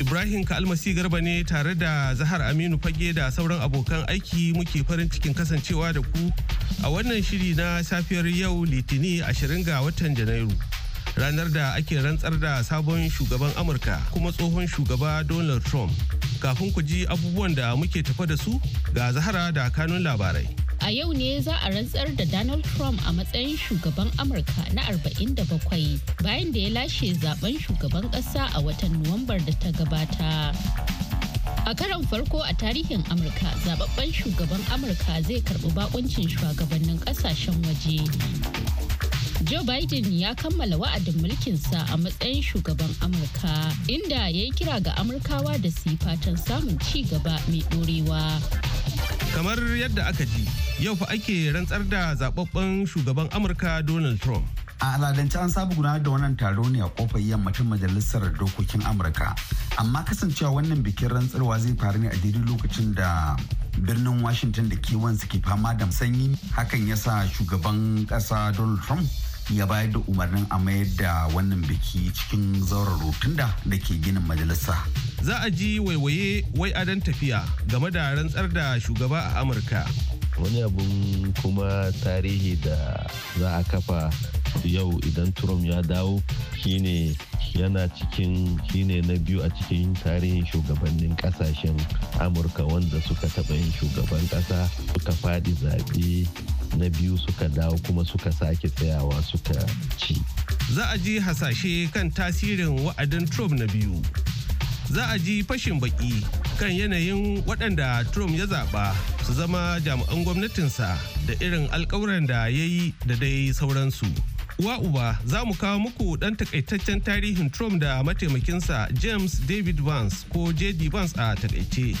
Ibrahim Kalmasi Garba ne tare da Zahar Aminu Fage da sauran abokan aiki muke farin cikin kasancewa da ku a wannan shiri na safiyar yau Litini 20 ga watan Janairu. Ranar da ake rantsar da sabon shugaban Amurka kuma tsohon shugaba Donald Trump. Kafin ku ji abubuwan da muke tafa da su ga Zahara da kanun labarai. A yau ne za a rantsar da Donald Trump a matsayin shugaban Amurka na 47 bayan da ya lashe zaben shugaban ƙasa a watan Nuwambar da ta gabata. A karon farko a tarihin Amurka, zababben shugaban Amurka zai karɓi bakuncin shugabannin ƙasashen waje. Joe Biden ya kammala wa'adin mulkinsa a matsayin shugaban Amurka, inda ya yi kira ga Amurkawa da su yi fatan samun ci gaba mai ɗorewa. Kamar yadda aka ji, yau fa ake rantsar da zaɓaɓɓen shugaban Amurka Donald Trump. a al'adance an saba gudanar da wannan taro ne a kofar yammacin majalisar dokokin amurka amma kasancewa wannan bikin rantsarwa zai faru ne a daidai lokacin da birnin washington da kewan suke fama da sanyi hakan yasa shugaban kasa donald trump ya bayar da umarnin a mayar da wannan biki cikin zauren rotunda da ke ginin majalisa. Za a ji waiwaye wai adon tafiya game da rantsar da shugaba a Amurka. Wani abun kuma tarihi da za a kafa yau idan Trump ya dawo shine yana cikin shine na biyu a cikin tarihin shugabannin kasashen Amurka wanda suka taba yin shugaban ƙasa suka fadi zaɓe na biyu suka dawo kuma suka sake tsayawa suka ci. Za a ji hasashe kan tasirin wa'adin Trump na biyu. Za a ji fashin baki kan yanayin waɗanda Trump ya zaɓa su zama jami'an gwamnatinsa da irin alkawuran da ya yi da dai sauransu. Uwa uba za mu kawo muku ɗan takaitaccen tarihin Trump da mataimakinsa James David Vance ko JD Vance a takaice.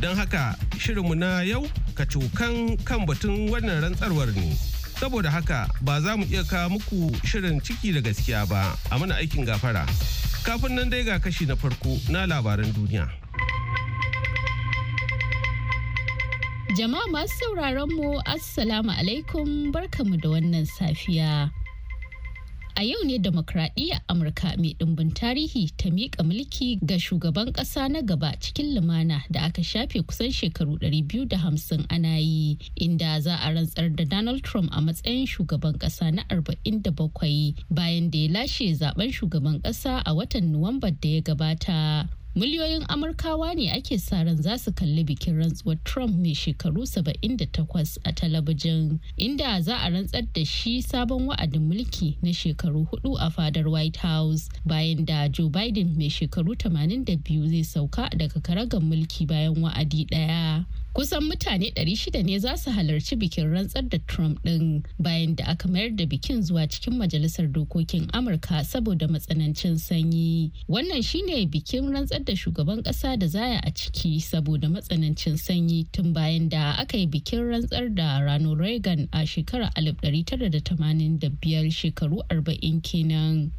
Don haka shirinmu na yau ka cokan kan batun wannan rantsarwar ne. Saboda haka ba za mu iya kawo muku shirin ciki da gaskiya ba a mana aikin gafara. Kafin nan dai ga kashi na farko na labaran duniya. Jama'a masu sauraron mu Assalamu alaikum barkamu da wannan safiya. A yau ne demokradiyyar Amurka mai dimbin tarihi ta miƙa mulki ga shugaban ƙasa na gaba cikin lumana da aka shafe kusan shekaru 250 ana yi, inda za a rantsar da Donald Trump a matsayin shugaban ƙasa na 47 bayan da ya lashe zaben shugaban ƙasa a watan Nuwambar da ya gabata. miliyoyin amurkawa ne ake sa ran za su kalli bikin rantsuwar trump mai shekaru 78 a talabijin inda za a rantsar da shi sabon wa'adin mulki na shekaru hudu a fadar white house bayan da joe biden mai shekaru 82 zai sauka daga karagar mulki bayan wa'adi daya kusan mutane 600 ne za su halarci bikin rantsar da Trump ɗin bayan da aka mayar da bikin zuwa cikin majalisar dokokin Amurka saboda matsanancin sanyi. Wannan shine bikin rantsar da shugaban ƙasa da zaya a ciki saboda matsanancin sanyi tun bayan da aka yi bikin rantsar da Ronald Reagan a shekarar 1985 shekaru 40 kenan.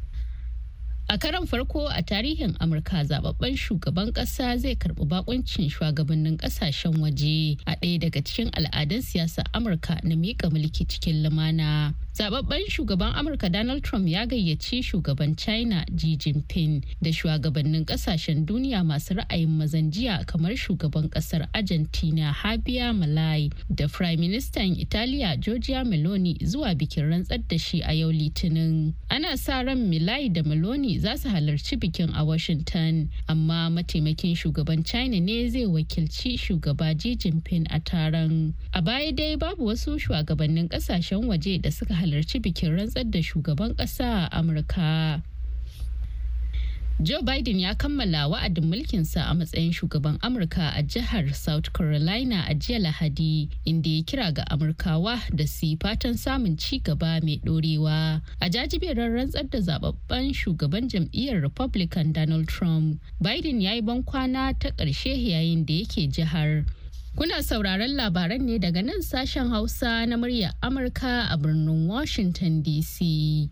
A karan farko a tarihin Amurka zababben shugaban ƙasa zai karɓi bakuncin shugabannin ƙasashen waje a ɗaya daga cikin al'adun siyasar Amurka na miƙa mulki cikin lumana. Zababben shugaban Amurka Donald Trump ya gayyaci shugaban China Xi Jinping da shugabannin ƙasashen duniya masu ra'ayin mazan jiya kamar shugaban ƙasar Argentina Javier Malay da Prime Minister Italiya Giorgia Meloni zuwa bikin rantsar da shi a yau Litinin. Ana sa ran Malay da Meloni za su halarci bikin a Washington, amma mataimakin shugaban China ne zai wakilci shugaba Xi Jinping a taron. A baya dai babu wasu shugabannin kasashen waje da suka halarci bikin rantsar da shugaban ƙasa a Amurka. Joe Biden ya kammala wa'adin mulkinsa a matsayin shugaban Amurka a jihar South Carolina a jiya Lahadi, inda ya kira ga Amurkawa da su fatan samun ci gaba mai dorewa. A jajiberar rantsar da zababben shugaban jam'iyyar Republican Donald Trump, Biden ya yi bankwana ta ƙarshe yayin da yake jihar. Kuna sauraron labaran ne daga nan sashen Hausa na muryar Amurka a birnin Washington DC.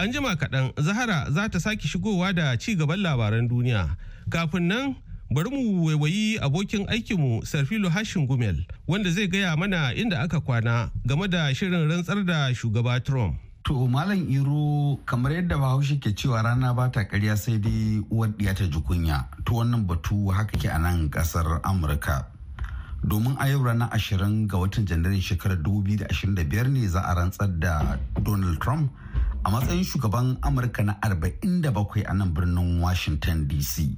An jima kaɗan Zahara za ta sake shigowa da ci gaban labaran duniya. Kafin nan bari mu waiwayi abokin aikinmu Sarfilo Hashin Gumel wanda zai gaya mana inda aka kwana game da shirin rantsar da shugaba Trump. To Malam Iro kamar yadda Bahaushe ke cewa rana ba ta karya sai dai uwar ta jukunya to wannan batu haka ke a nan ƙasar Amurka. domin a yau ranar ashirin ga watan janairun shekarar 2025 ne za a rantsar da donald trump a matsayin shugaban amurka na 47 a nan birnin washington dc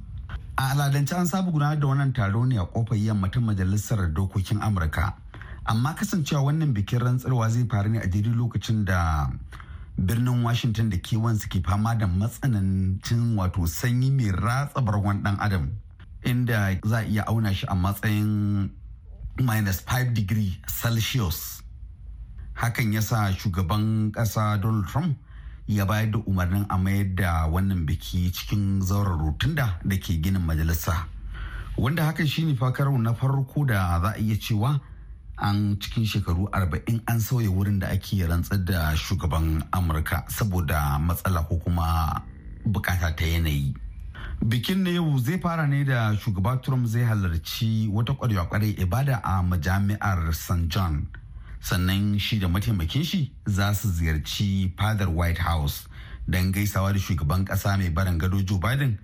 a aladance an saba gudanar da wannan taro ne a kofar yamma ta majalisar dokokin amurka amma kasancewa wannan bikin rantsarwa zai faru ne a daidai lokacin da birnin washington da kewan suke fama da matsanancin wato sanyi mai ratsa bargon dan adam inda za a iya auna shi a matsayin minus 5 degree celsius hakan yasa shugaban kasa donald trump ya bayar da umarnin a mayar da wannan biki cikin zauren rutunda da ke ginin majalisa wanda hakan shine fakarau na farko da za a iya cewa an cikin shekaru 40 an sauya wurin da ake rantsar da shugaban amurka saboda matsala ko kuma bukata ta yanayi bikin na yau zai fara ne da shugaba trump zai halarci wata kwarewa kwarai ibada a majami'ar st john sannan shi da mataimakin shi za su ziyarci fadar white house don gaisawa da shugaban kasa mai barin gado joe biden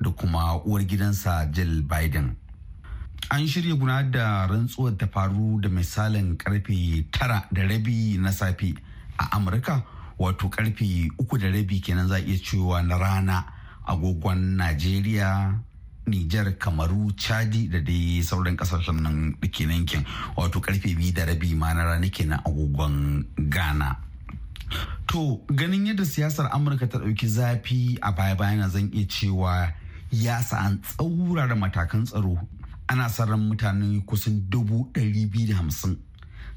da kuma uwar gidansa jill biden an shirya gudanar da rantsuwar ta faru da misalin karfe tara da rabi na safe a amurka wato karfe uku da rabi kenan za a iya cewa na rana agogon najeriya Nijar, Kamaru, Chadi da dai sauran kasashen nan da ke yankin wato karfe biyu da rabi ma na rana na agogon Ghana. To ganin yadda siyasar Amurka ta ɗauki zafi a baya-bayan zan iya cewa ya sa'an tsaurara matakan tsaro ana ran mutane kusan dubu ɗari biyu da hamsin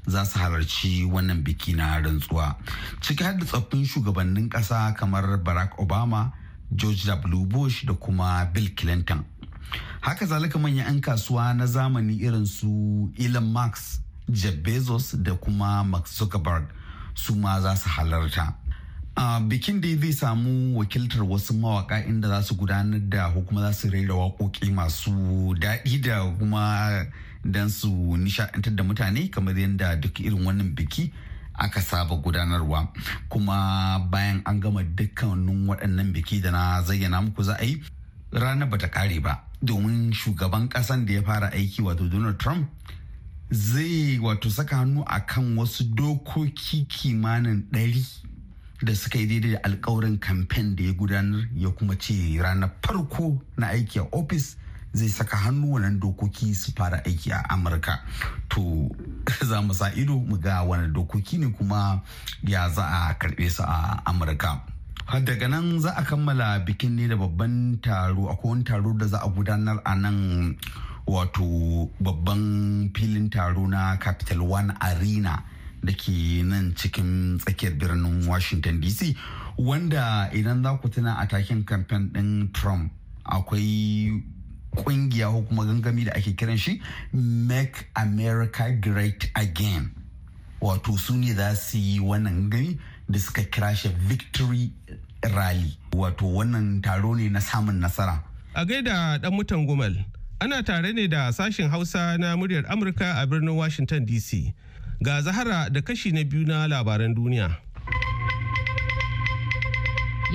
za su halarci wannan biki na rantsuwa ciki har da tsoffin shugabannin ƙasa kamar barack obama george w bush da kuma bill clinton haka zalika manyan 'yan kasuwa na zamani irin su elon musk jeff bezos da kuma mark zuckerberg su ma za su halarta Uh, bikin da zai samu wakiltar wasu mawaka inda za su gudanar da hukuma kuma za su da waƙoƙi masu daɗi da kuma don su nishaɗantar da mutane kamar yadda duk irin wannan biki aka saba gudanarwa kuma bayan an gama dukkanin waɗannan biki da na zayyana muku za a yi ranar bata ƙare ba domin shugaban kasan da ya fara aiki wato donald trump zai wato saka hannu a kan wasu dokoki kimanin ɗari da suka yi daidai da alkawarin kamfen da ya gudanar ya kuma ce ranar farko na aiki a ofis zai saka hannu wannan dokoki su fara aiki a amurka to za mu sa ido mu ga wani dokoki ne kuma ya za a karbe su a amurka daga nan za a kammala bikin ne da babban taro a wani taro da za a gudanar a nan wato babban filin taro na capital one arena da ke nan cikin tsakiyar birnin washington dc wanda idan za ku tuna a takin kamfen din trump akwai kungiya ko kuma gangami da ake kiran shi make america great again wato su ne za su yi wannan gani da suka kira shi victory rally wato wannan taro ne na samun nasara a gaida dan mutan gumal ana tare ne da sashin hausa na muryar amurka a birnin washington dc ga zahara da kashi na biyu na labaran duniya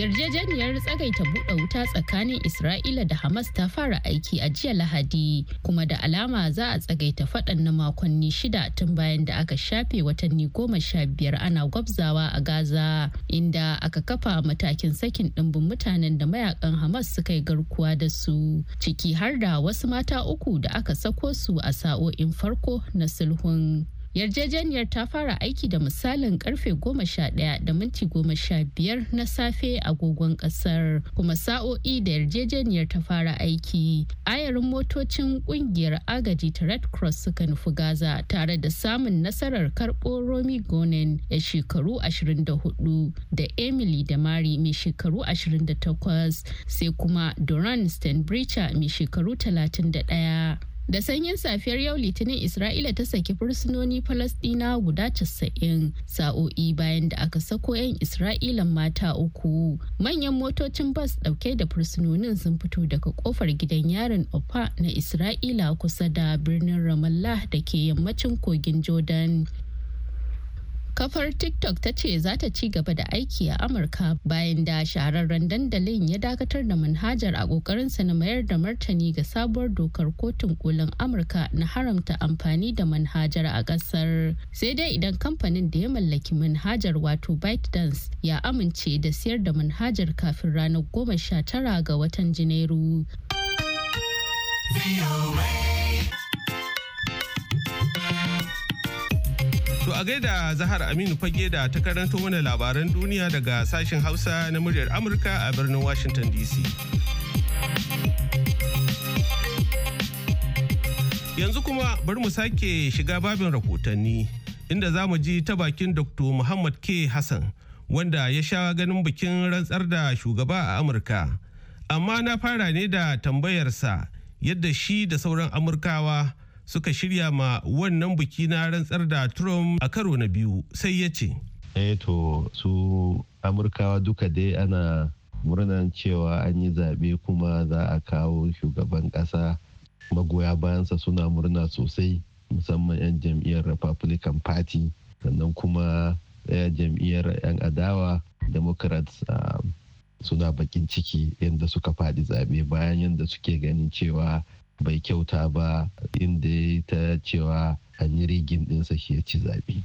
yarjejeniyar tsagaita buɗe wuta tsakanin isra'ila da hamas ta fara aiki a jiya lahadi kuma da alama za a tsagaita faɗan na makonni shida tun bayan da aka shafe watanni goma sha biyar ana gwabzawa a gaza inda aka kafa matakin sakin ɗimbin mutanen da mayakan hamas suka yi garkuwa da su ciki har da wasu mata uku da aka sako su a sa'o'in farko na sulhun yarjejeniyar ta fara aiki da misalin karfe 11 da minti 15 na safe a agogon kasar kuma sa'o'i da yarjejeniyar ta fara aiki ayarin motocin kungiyar agaji ta red cross suka nufi gaza tare da samun nasarar karbo romi gonen ya shekaru 24 da emily da mari mai shekaru 28 sai kuma duran stanbricha mai shekaru 31 Da sanyin safiyar yau Litinin Isra'ila ta saki fursunoni Falasɗina guda 90 sa'o'i bayan da aka sako 'yan Isra'ila mata uku. Manyan motocin bas ɗauke da fursunonin sun fito daga kofar gidan yarin Opa na Isra'ila kusa da birnin Ramallah da ke yammacin kogin Jordan. Kafar TikTok ta ce za ta ci gaba da aiki a Amurka bayan da shahararren dandalin ya dakatar da manhajar a kokarinsa na mayar da martani ga sabuwar dokar kotun kolin Amurka na haramta amfani da manhajar a ƙasar. Sai dai idan kamfanin da ya mallaki manhajar wato ByteDance ya amince da siyar da manhajar kafin ranar goma sha tara ga watan Janairu. a gaida Zahar Aminu fage da ta karanto mana labaran duniya daga sashen Hausa na muryar Amurka a birnin Washington DC. Yanzu kuma bari mu sake shiga babin rahotanni inda za mu ji ta bakin Dr. Muhammad K. Hassan wanda ya sha ganin bikin rantsar da shugaba a Amurka. Amma na fara ne da tambayarsa yadda shi da sauran Amurkawa suka shirya ma wannan biki na rantsar da Trump a karo na biyu sai ya ce. Eh to su Amurkawa duka dai ana murnan cewa an yi zaɓe kuma za a kawo shugaban ƙasa magoya bayansa suna murna sosai musamman 'yan jam'iyyar Republican Party sannan kuma eh, jam'iyyar 'yan adawa Democrats ah, suna bakin ciki yadda suka faɗi zaɓe bayan yadda suke ganin cewa bai kyauta ba inda ya ta cewa an yi rigin ɗinsa shi ya ci zaɓe.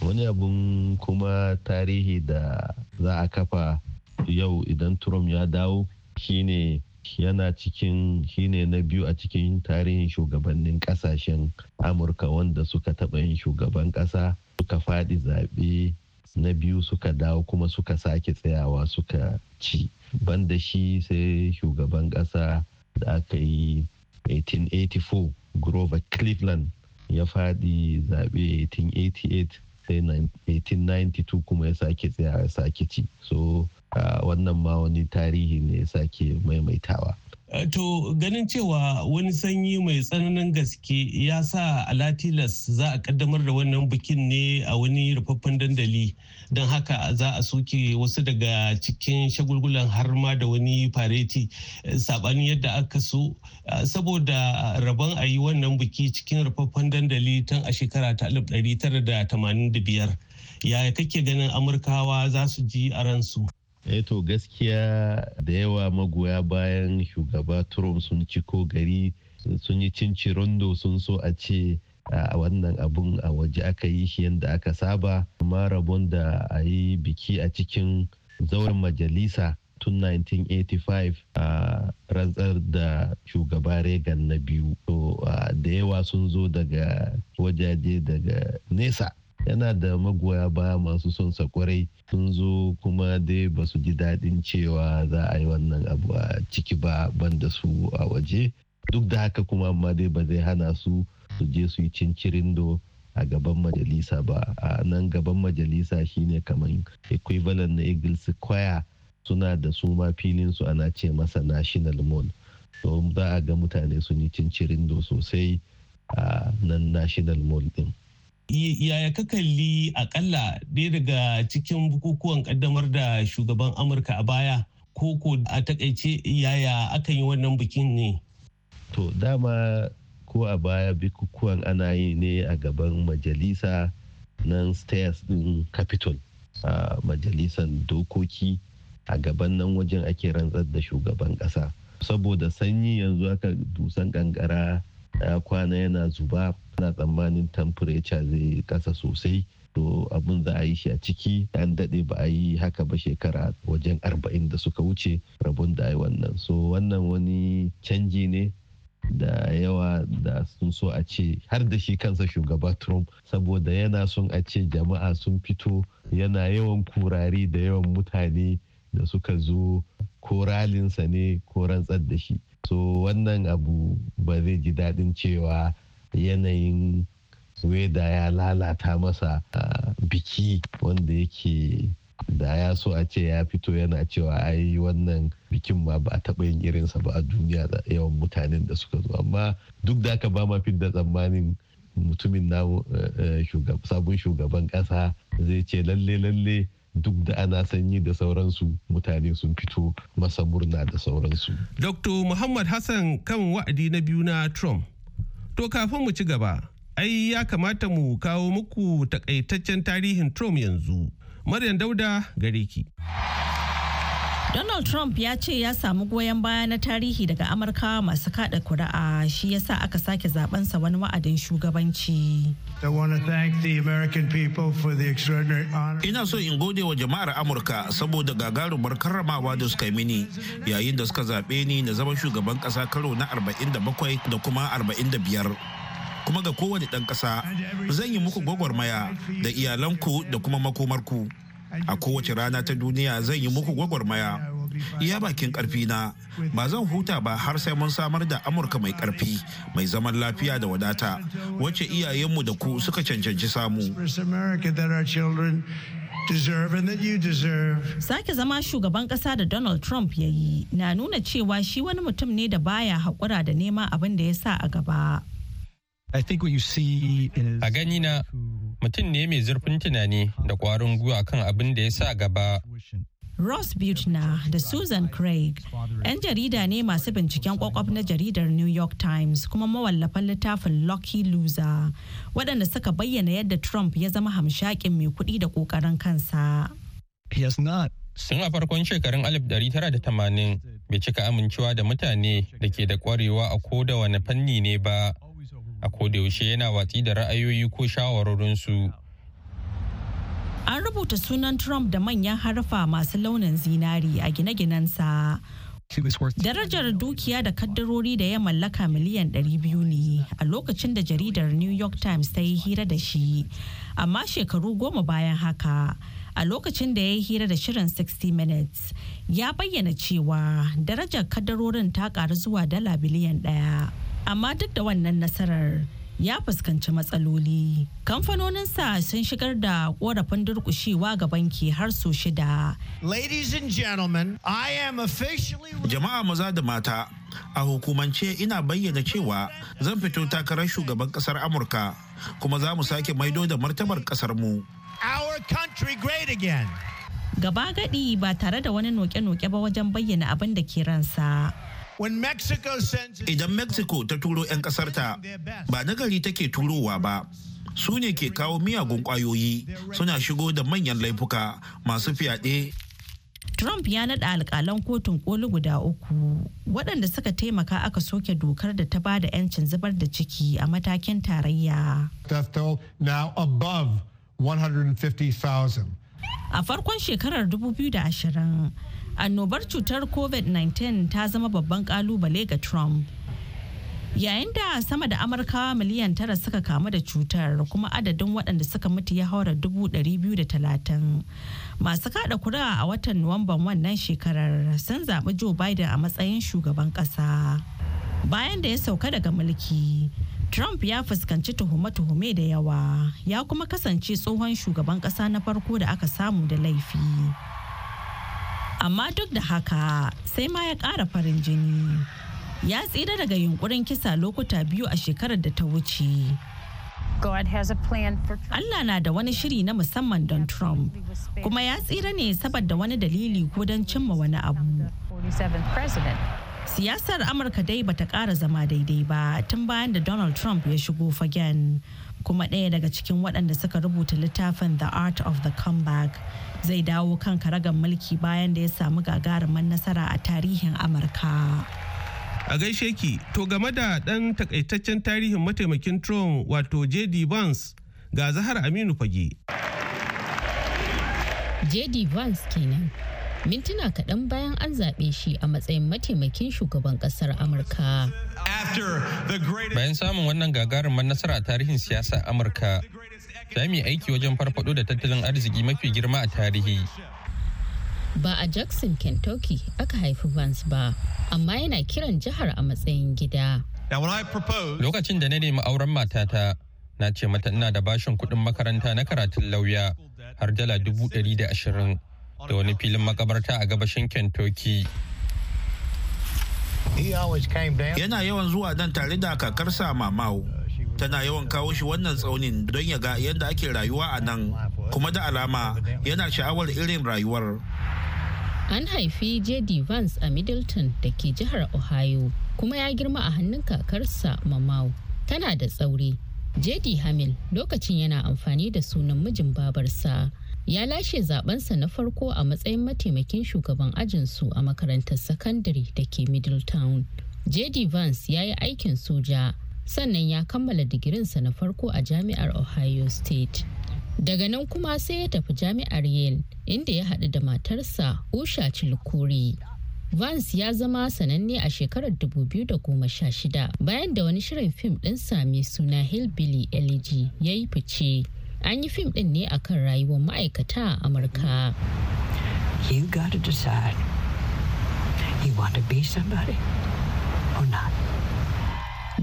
Wani abun kuma tarihi da za a kafa yau idan Trump ya dawo shine yana cikin shine na biyu a cikin tarihin shugabannin ƙasashen Amurka wanda suka taɓa yin shugaban ƙasa suka faɗi zaɓe na biyu suka dawo kuma suka sake tsayawa suka ci. Banda shi sai shugaban ƙasa da aka yi 1884 grover cleveland ya faɗi zaɓe 1888 sai 1892 kuma ya sake tsaya ya sake ci so ah, wannan ma wani tarihi ne ya sake maimaitawa Eh, to ganin cewa wani sanyi mai tsananin gaske ya sa alatilas za a kaddamar da wannan bikin ne a wani rufaffen dandali don haka za a soke wasu daga cikin shagulgulan har ma da wani fareti eh, sabani yadda aka so eh, saboda rabon a yi wannan biki cikin rufaffen dandali tun a shekara ta 1985 yaya kake ganin amurkawa za su ji a ransu. eh to gaskiya da yawa magoya bayan shugaba trump sun ci ko gari sun yi rondo sun so a ce a wannan abun a waje aka yi shi yadda aka saba amma rabon da a yi biki a cikin zauren majalisa tun 1985 a rantsar da shugaba Reagan na biyu. To da yawa sun zo daga wajaje daga nesa yana da magoya baya masu son sa kwarai sun zo kuma dai ba su ji daɗin cewa za a yi wannan abu a ciki ba banda su a waje duk da haka kuma amma dai ba zai hana su su je su yi cincirindo a gaban majalisa ba a nan gaban majalisa shine kamar equivalent na eagles square suna da su ma filin su ana ce masa national mall to za a ga mutane sun yi cincirindo sosai a nan national mall din yaya ka kalli akalla ɗaya daga cikin bukukuwan kaddamar da shugaban amurka a baya ko ko a takaice yaya aka yi wannan bikin ne to dama ko a baya bukukuwan ana yi ne a gaban majalisa nan stairs din capitol a majalisan dokoki a gaban nan wajen ake rantsar da shugaban kasa saboda sanyi yanzu aka dusan kankara kwana yana zuba ana tsammanin temperature zai kasa sosai to abun za a yi shi a ciki an daɗe ba a yi haka ba shekara wajen arba'in da suka wuce rabon da a wannan so wannan wani canji ne da yawa da sun so a ce har da shi kansa shugaba trump saboda yana son a ce jama'a sun fito yana yawan kurari da yawan mutane da suka zo ko ralinsa ne ko rantsar da shi so wannan abu ba zai ji daɗin cewa yanayin weda ya lalata masa biki wanda yake da ya so a ce ya fito yana cewa ai wannan bikin ma ba a taɓa yin irinsa ba a duniya da yawan mutanen da suka zo amma duk da aka ba ma fi da tsammanin mutumin na e, e, sabon shugaban ƙasa zai ce lalle lalle duk da ana sanyi da sauransu mutane sun fito masa murna da sauransu. Dr. Muhammad Hassan kan wa'adi na biyu na Trump To kafin mu ci gaba, ai ya kamata mu kawo muku takaitaccen tarihin Trump yanzu. Maryam Dauda gare ki. Donald Trump ya ce ya samu goyon baya na tarihi daga amurka masu kada kuri'a shi yasa aka sake sa wani wa'adin shugabanci. Ina so in gode wa jama'ar Amurka saboda gagarumar karramawa da suka yi mini yayin da suka zaɓe ni na zama shugaban ƙasa karo na 47 da kuma 45. kuma ga kowane ɗan ƙasa zan yi muku gwagwarmaya da iyalanku da kuma makomarku. a kowace rana ta duniya zan yi muku gwagwarmaya iya bakin karfi na ba zan huta ba har sai mun samar da amurka mai karfi mai zaman lafiya da wadata wacce iyayenmu da ku suka cancanci samu Sake zama shugaban kasa da Donald Trump ya yi na nuna cewa shi wani mutum ne da baya haƙura da nema abin da ya sa a gaba. A gani na mutum ne mai zurfin tunani da kwarin gwiwa kan abin da ya sa gaba. Ross Butner da Susan Craig, 'yan jarida ne masu binciken kwakwaf na jaridar New York Times kuma mawallafan littafin Lucky Loser, waɗanda suka bayyana yadda Trump ya zama hamshakin mai kuɗi da ƙoƙarin kansa. Sun a farkon shekarun 1980 bai cika amincewa da mutane da ke da ƙwarewa a ko da wani fanni ne ba. a kodayaushe yana watsi da ra'ayoyi ko shawarorinsu. An rubuta sunan Trump da manyan harfa masu launin zinari a gine ginen sa. Darajar dukiya da kaddarori da ya mallaka miliyan 200 ne a lokacin da jaridar New York Times ta yi hira da shi, amma shekaru goma bayan haka. a lokacin da ya yi hira da shirin 60 minutes ya bayyana cewa darajar kaddarorin ta karu zuwa dala biliyan daya. amma duk da wannan nasarar ya fuskanci matsaloli kamfanonin sa sun shigar da korafin durkushewa ga banki har so shida jama'a maza da mata a hukumance ina bayyana cewa zan fito takarar shugaban kasar amurka kuma za mu sake maido da martabar kasar mu gaba gadi ba tare da wani noke-noke ba wajen bayyana abin da ke ransa Idan Mexico ta turo 'yan ƙasarta ba nagari take turowa ba, su ne ke kawo miyagun ƙwayoyi suna shigo da manyan laifuka masu fyaɗe. Trump ya naɗa alƙalan kotun ƙoli guda uku waɗanda suka taimaka aka soke dokar da ta bada 'yancin zubar da ciki a matakin tarayya. A farkon shekarar 2020 annobar cutar covid-19 ta zama babban kalubale ga trump yayin da sama da amurkawa miliyan tara suka kamu da cutar kuma adadin waɗanda suka mutu ya haura dubu biyu da talatin masu kada kura a watan nuwamban wannan shekarar sun zaɓi joe biden a matsayin shugaban ƙasa bayan da ya sauka daga mulki trump ya fuskanci tuhume-tuhume da yawa ya kuma kasance tsohon shugaban ƙasa na farko da aka samu da laifi amma duk da haka sai ma ya ƙara farin jini ya tsira daga yunkurin kisa lokuta biyu a shekarar da ta wuce Allah na da wani shiri na musamman don Trump kuma ya tsira ne saboda wani dalili ko don cimma wani abu. Siyasar Amurka dai bata ƙara zama daidai ba tun bayan da Donald Trump ya shigo fagen. kuma ɗaya daga cikin waɗanda suka rubuta littafin The Art of the Comeback zai dawo kan karagar mulki bayan da ya samu gagarumar nasara a tarihin Amurka. A gaishe ki, to game da ɗan takaitaccen tarihin mataimakin Trump wato J.D. Vance ga Zahar Aminu Fage. J.D. Vance kenan. mintuna kaɗan bayan an zaɓe shi a matsayin mataimakin shugaban ƙasar amurka bayan samun wannan gagarumar nasara a tarihin siyasa amurka ta yi aiki wajen farfado da tattalin arziki mafi girma a tarihi ba a jackson kentucky aka haifi vance ba amma yana kiran jihar a matsayin gida lokacin da na nemi auren matata na ce mata ina da bashin kuɗin makaranta na karatun lauya har dala dubu ɗari da ashirin da wani filin makabarta a gabashin Kentucky. Yana yawan zuwa nan tare da kakarsa mamau. Tana yawan kawo shi wannan tsaunin don ya ga yadda ake rayuwa a nan, kuma da alama yana sha'awar irin rayuwar. An haifi J.D. Vance a Middleton da ke jihar Ohio, kuma ya girma a hannun kakarsa mamau. Tana da tsauri. J.D. Hamill lokacin yana amfani da sunan mijin babarsa. ya lashe zabensa na farko a matsayin mataimakin shugaban ajinsu a makarantar sakandare da ke middletown jd vance ya yi aikin soja sannan ya kammala digirinsa na farko a jami'ar ohio state daga nan kuma sai ya tafi jami'ar yale inda ya haɗu da matarsa usha cilkuri Vance ya zama sananne a shekarar 2016 bayan da wani shirin fim ɗinsa mai suna Hillbilly Elegy ya yi fice. an yi fim ɗin ne akan rayuwar ma'aikata a amurka you to decide you want to be somebody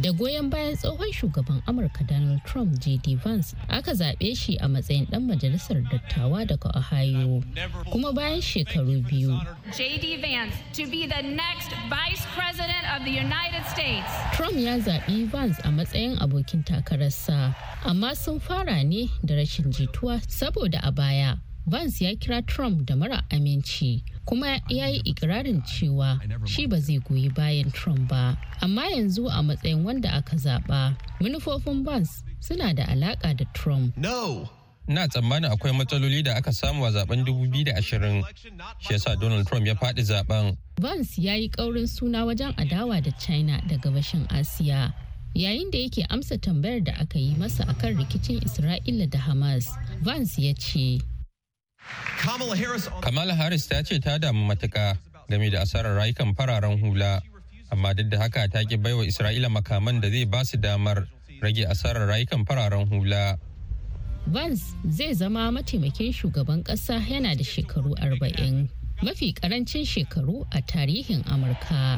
da goyon bayan tsohon shugaban amurka donald trump jd vance aka zaɓe shi a matsayin ɗan majalisar dattawa daga ohio kuma bayan shekaru biyu jd vance to be the next vice president of the united states trump ya zaɓi vance a matsayin abokin takararsa amma sun fara ne da rashin jituwa saboda a baya Vance ya kira Trump da mara aminci kuma ya yi ikirarin cewa shi ba zai goyi bayan Trump ba. Amma yanzu a matsayin wanda aka zaɓa, manufofin Vance suna da alaƙa da Trump. Na tsammanin akwai matsaloli da aka samu a zaben 2020, shi yasa Donald Trump ya faɗi zaben. Vance ya yi ƙaurin suna wajen adawa da China da gabashin Asiya. yayin da yake amsa tambayar da aka yi masa akan rikicin isra'ila da hamas vance ya ce Kamala Harris ta ce ta damu matuka game da asarar rayukan fararen hula, amma duk da haka ta ki baiwa Isra'ila makaman da zai ba su damar rage asarar rayukan fararen hula. Vance zai zama mataimakin shugaban ƙasa yana da shekaru 40, mafi ƙarancin shekaru a tarihin Amurka.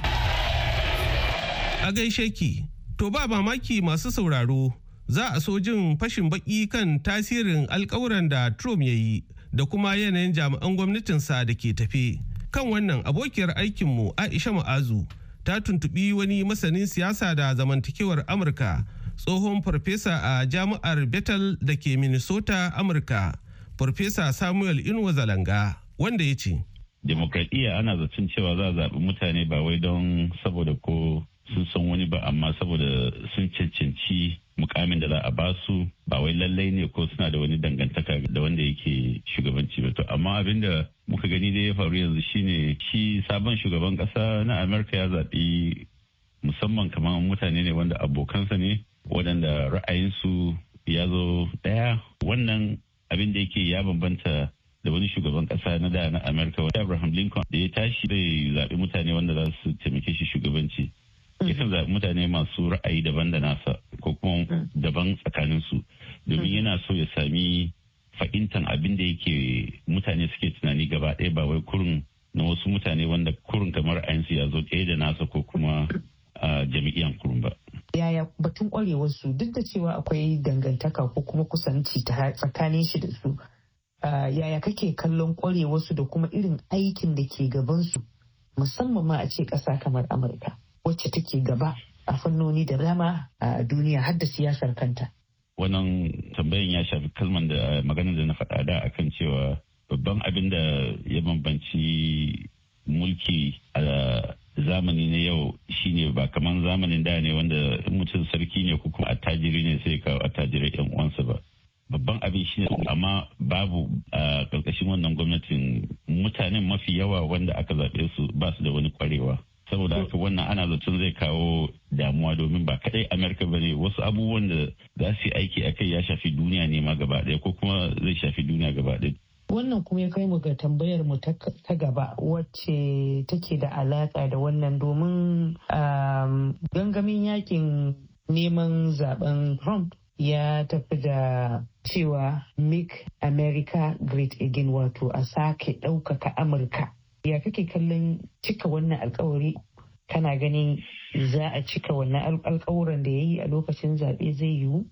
A gaishe ki, to ba mamaki masu sauraro za a so jin fashin baƙi kan tasirin alƙawuran da Trump ya yi. da kuma yanayin jami'an gwamnatin sa da ke tafe kan wannan abokiyar aikinmu aisha ma'azu ta tuntubi wani masanin siyasa da zamantakewar amurka tsohon farfesa a jami'ar betel da ke minnesota amurka farfesa samuel inuwa zalanga wanda ya ce demokradiyya ana zaton cewa za a zaɓi mutane ba wai don saboda ko sun san wani ba amma saboda sun cancanci mukamin da za a ba su ba wai lallai ne ko suna da wani dangantaka da wanda yake shugabanci ba to amma abin da muka gani da ya faru yanzu shine shi sabon shugaban kasa na amurka ya zaɓi musamman kamar mutane ne wanda abokansa ne waɗanda ra'ayinsu ya zo ɗaya wannan abin da yake ya bambanta da wani shugaban kasa na da na amurka wanda abraham lincoln da ya tashi zai zaɓi mutane wanda za su taimake shi shugabanci Hmm. yakan zaɓi mutane masu ra'ayi daban da nasa ko kuma hmm. daban tsakanin su domin hmm. yana so ya sami fahimtar abin da yake mutane suke tunani gaba ɗaya ba wai kurin na wasu mutane wanda kurin kamar su ya zo ɗaya da nasa ko kuma jami'an kurin ba. Yaya batun ƙwarewar su duk da cewa akwai dangantaka ko kuma kusanci tsakanin shi da su. Yaya kake kallon ƙwarewar su da kuma irin aikin da ke gaban su musamman ma a ce ƙasa kamar Amurka. wacce take gaba a fannoni da dama a duniya har da siyasar kanta. Wannan tambayan ya shafi kalman da magana da na faɗa da akan cewa babban abin da ya bambanci mulki a zamani na yau shine ba kamar zamanin da ne wanda mutum sarki ne ko kuma attajiri ne sai kawo attajirai yan uwansa ba babban abin shine amma babu a ƙarƙashin wannan gwamnatin mutanen mafi yawa wanda aka zaɓe su ba su da wani kwarewa saboda haka wannan ana zaton zai kawo damuwa domin ba kadai amerika ba ne wasu abubuwan da za su yi aiki a kai ya shafi duniya ne ma gaba ɗaya ko kuma zai shafi duniya gaba ɗaya wannan kuma ya kai mu ga tambayar mu ta gaba wacce take da alaƙa da wannan domin um, gangamin yakin neman zaben trump ya tafi da cewa make america great again wato a sake ɗaukaka amurka ya kake kallon cika wannan alkawari kana ganin za a cika wannan alkawuran da ya yi a lokacin zaɓe zai yiwu?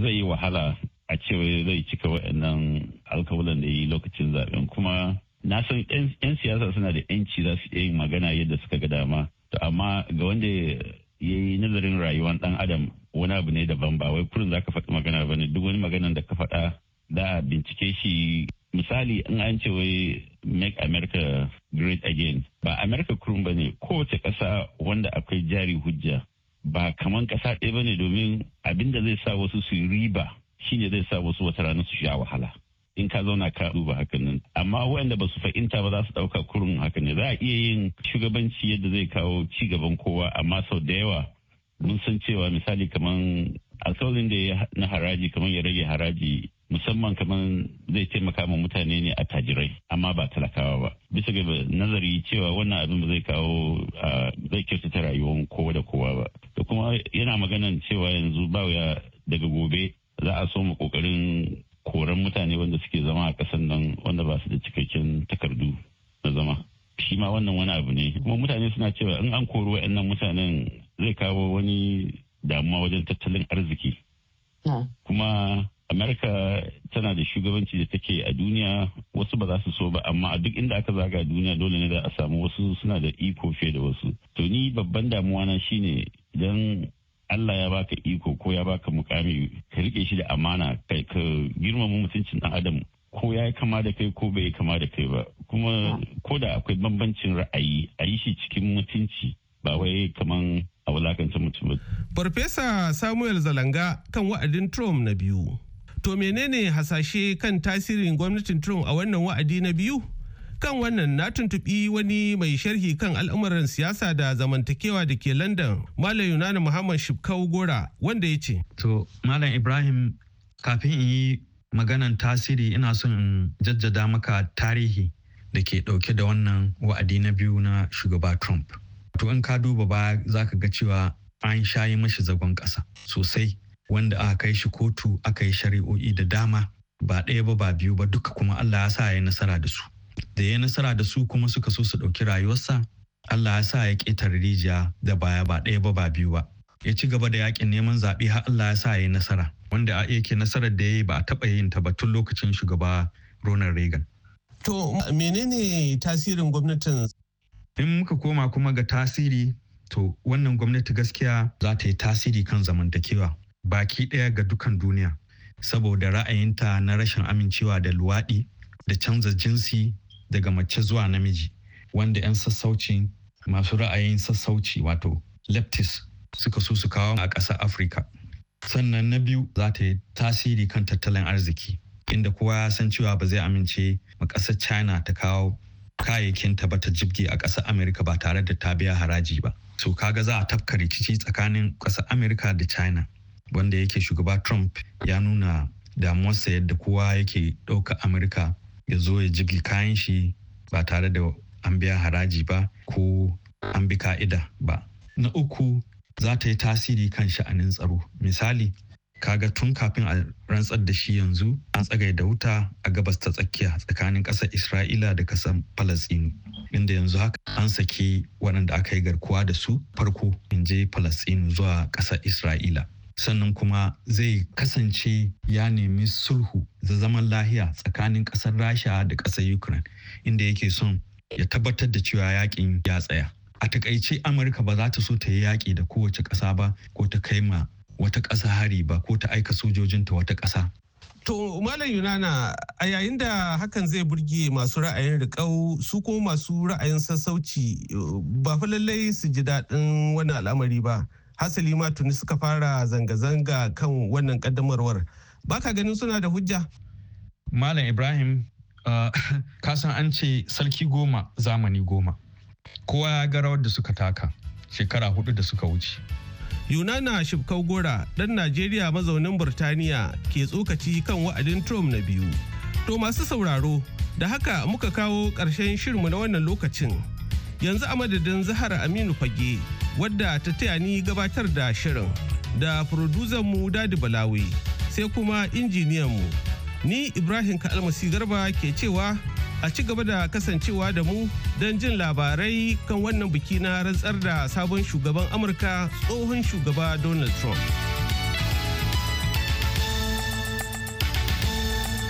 Zai yi wahala a cewa zai cika waannan alkawuran da ya yi lokacin zaɓen kuma na san 'yan siyasa suna da 'yanci za su iya yin magana yadda suka ga dama. To amma ga wanda ya yi nazarin rayuwar ɗan adam wani abu ne daban ba wai kurin za ka faɗi magana ba ne duk wani maganan da ka faɗa da bincike shi misali in an ce wai make america great again ba america kurun ba ne kowace ƙasa wanda akwai jari hujja ba kaman ƙasa ɗaya ba ne domin abin da zai sa wasu su riba shine zai sa wasu wata rana su sha wahala in ka zauna ka duba hakan nan amma waɗanda ba su fahimta ba za su ɗauka kurun hakan ne za a iya yin shugabanci yadda zai kawo ci gaban kowa amma sau da yawa mun san cewa misali kaman alƙawarin da ya na haraji kaman ya rage haraji musamman kamar zai taimaka ma mutane ne a tajirai amma ba talakawa ba bisa ga nazari cewa wannan abin ba zai kawo zai kyautata rayuwar kowa da kowa ba da kuma yana maganan cewa yanzu ba wuya daga gobe za a so mu kokarin koran mutane wanda suke zama a kasan nan wanda ba su da cikakken takardu na zama shi ma wannan wani abu ne kuma mutane suna cewa in an kori wa'annan mutanen zai kawo wani damuwa wajen tattalin arziki kuma Amerika tana da shugabanci da take a duniya wasu ba za su so ba amma a duk inda aka zaga duniya dole ne za a samu wasu suna da iko fiye da wasu. To ni babban damuwa na shine idan Allah ya baka iko ko ya baka mukami ka rike shi da amana kai ka girmama mutuncin dan adam ko ya yi kama da kai ko bai yi kama da kai ba kuma ko da akwai bambancin ra'ayi a yi shi cikin mutunci ba wai kaman a wulakancin mutum ba. Farfesa Samuel Zalanga kan wa'adin Trump na biyu. To menene hasashe kan tasirin gwamnatin Trump a wannan wa'adi na biyu? Kan wannan na tuntuɓi wani mai sharhi kan al'amuran siyasa da zamantakewa da ke London, Malam Yunani Muhammad Shibkau Gora, wanda ya ce. To, Malam Ibrahim, kafin in yi maganan tasiri ina son in jajjada maka tarihi da ke ɗauke da wannan wa'adi na biyu na shugaba Trump. To, in ka duba ba za ka ga cewa an shayi mashi zagon ƙasa sosai wanda aka kai shi kotu aka yi shari'o'i da dama ba ɗaya ba ba biyu ba duka kuma Allah ya sa ya yi nasara da su da ya nasara da su kuma suka so su ɗauki rayuwarsa Allah ya sa ya ƙetare rijiya da baya ba ɗaya ba ba biyu ba ya ci gaba da yakin neman zaɓe har Allah ya sa ya yi nasara wanda a yake nasarar da ya yi ba a taɓa yin ta ba tun lokacin shugaba Ronald Reagan. To menene tasirin gwamnatin? In muka koma kuma ga tasiri to wannan gwamnati gaskiya za ta yi tasiri kan zamantakewa baki ɗaya ga dukan duniya saboda ra'ayinta na rashin amincewa da luwaɗi da canza jinsi daga mace zuwa namiji wanda 'yan sassauci masu ra'ayin sassauci wato Leptis suka so su kawo a ƙasar afirka sannan na biyu za ta yi tasiri kan tattalin arziki inda kowa ya san cewa ba zai amince ma ƙasar china ta kawo kayayyakin ta bata jibge a ƙasar amerika ba tare da ta biya haraji ba so kaga za a tafka rikici tsakanin ƙasar amerika da china wanda yake shugaba trump ya nuna damuwarsa yadda kowa yake ɗauka amurka ya zo ya jigi kayan shi ba tare da an biya haraji ba ko an bi ka'ida ba na uku za ta yi tasiri kan sha'anin tsaro misali kaga tun kafin a rantsar da shi yanzu an tsagai da wuta a gabas ta tsakiya tsakanin ƙasar isra'ila da ƙasar falastinu inda yanzu haka an sake waɗanda aka yi garkuwa da su farko in je falastinu zuwa ƙasar isra'ila sannan kuma zai kasance ya nemi sulhu da zaman lahiya tsakanin ƙasar rasha da ƙasar ukraine inda yake son ya tabbatar da cewa yakin ya tsaya a takaice amurka ba za ta so ta yi yaƙi da kowace ƙasa ba ko ta kai ma wata ƙasa hari ba ko ta aika sojojinta wata ƙasa To Malam Yunana a yayin da hakan zai burge masu ra'ayin riƙau su kuma masu ra'ayin sassauci ba fa lallai su ji daɗin wani al'amari ba. hasali ma tuni suka fara zanga-zanga kan wannan kaddamarwar Ba ka ganin suna da hujja malam ibrahim uh, ka san an ce sarki goma zamani goma kowa ya ga rawar da suka taka shekara hudu da suka wuce yunana shibkau gora dan najeriya mazaunin burtaniya ke tsokaci kan wa'adin trump na biyu to masu sauraro da haka muka kawo ƙarshen shirinmu na wannan lokacin yanzu a madadin zahara aminu fage wadda ta taya ni gabatar da shirin da mu Dadi Balawi sai kuma injiniyan mu ni Ibrahim Kalmasi Garba ke cewa a ci gaba da kasancewa da mu don jin labarai kan wannan biki na rantsar da sabon shugaban Amurka tsohon shugaba Donald Trump.